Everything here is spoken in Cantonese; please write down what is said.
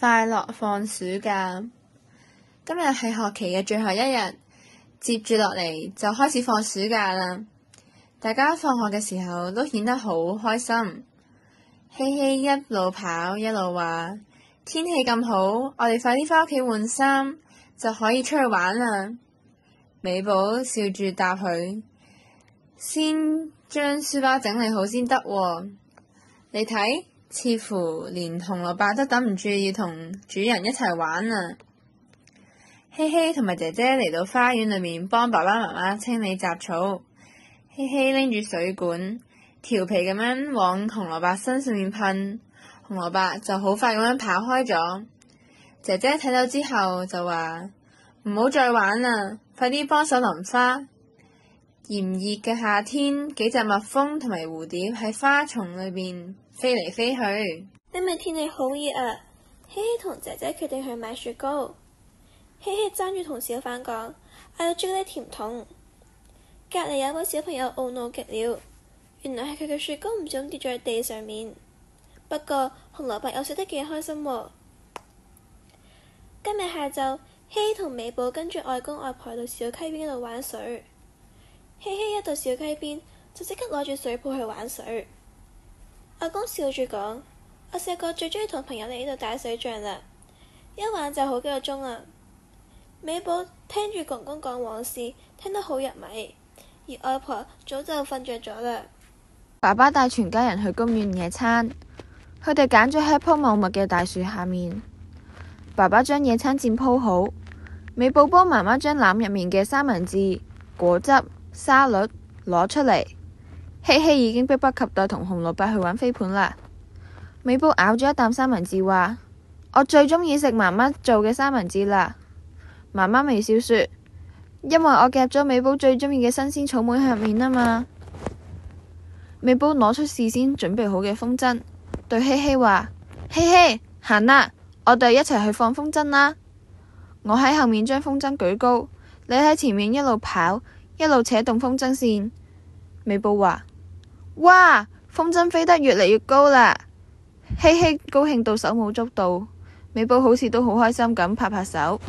快樂放暑假，今日係學期嘅最後一日，接住落嚟就開始放暑假啦。大家放學嘅時候都顯得好開心，嘿嘿，一路跑一路話：天氣咁好，我哋快啲返屋企換衫，就可以出去玩啦。美寶笑住答佢：先將書包整理好先得，你睇。似乎連紅蘿蔔都等唔住，要同主人一齊玩啊。希希同埋姐姐嚟到花園裏面幫爸爸媽媽清理雜草。希希拎住水管，調皮咁樣往紅蘿蔔身上面噴，紅蘿蔔就好快咁樣跑開咗。姐姐睇到之後就話唔好再玩啦，快啲幫手淋花。炎熱嘅夏天，幾隻蜜蜂同埋蝴蝶喺花叢裏邊飛嚟飛去。今日天氣好熱啊，希希同姐姐決定去買雪糕。希希爭住同小販講：嗌，要朱古力甜筒。隔籬有位小朋友懊惱極了，原來係佢嘅雪糕唔小心跌咗喺地上面。不過紅蘿蔔又食得幾開心。今日下晝， 希希同美寶跟住外公外婆去到小溪邊度玩水。希希一到小溪邊，就即刻攞住水泡去玩水。阿公笑住講：我細個最鍾意同朋友嚟呢度打水仗啦，一玩就好幾個鐘啊！美寶聽住公公講往事，聽得好入迷，而外婆早就瞓着咗啦。爸爸帶全家人去公園野餐，佢哋揀咗喺一棵茂密嘅大樹下面。爸爸將野餐墊鋪好，美寶幫媽媽將籃入面嘅三文治、果汁、沙律攞出嚟。希希、hey hey、已經迫不及待同紅蘿卜去玩飛盤啦。美寶咬咗一啖三文治，話：我最鍾意食媽媽做嘅三文治啦。媽媽微笑說：因為我夾咗美寶最鍾意嘅新鮮草莓喺入面啊嘛。美寶攞出事先準備好嘅風箏，對希希話：希希、hey, hey, 行啦，我哋一齊去放風箏啦。我喺後面將風箏舉高，你喺前面一路跑，一路扯動風箏線。美寶話。哇！風箏飛得越嚟越高啦，嘿嘿，高興到手舞足蹈，尾部好似都好開心咁，拍拍手。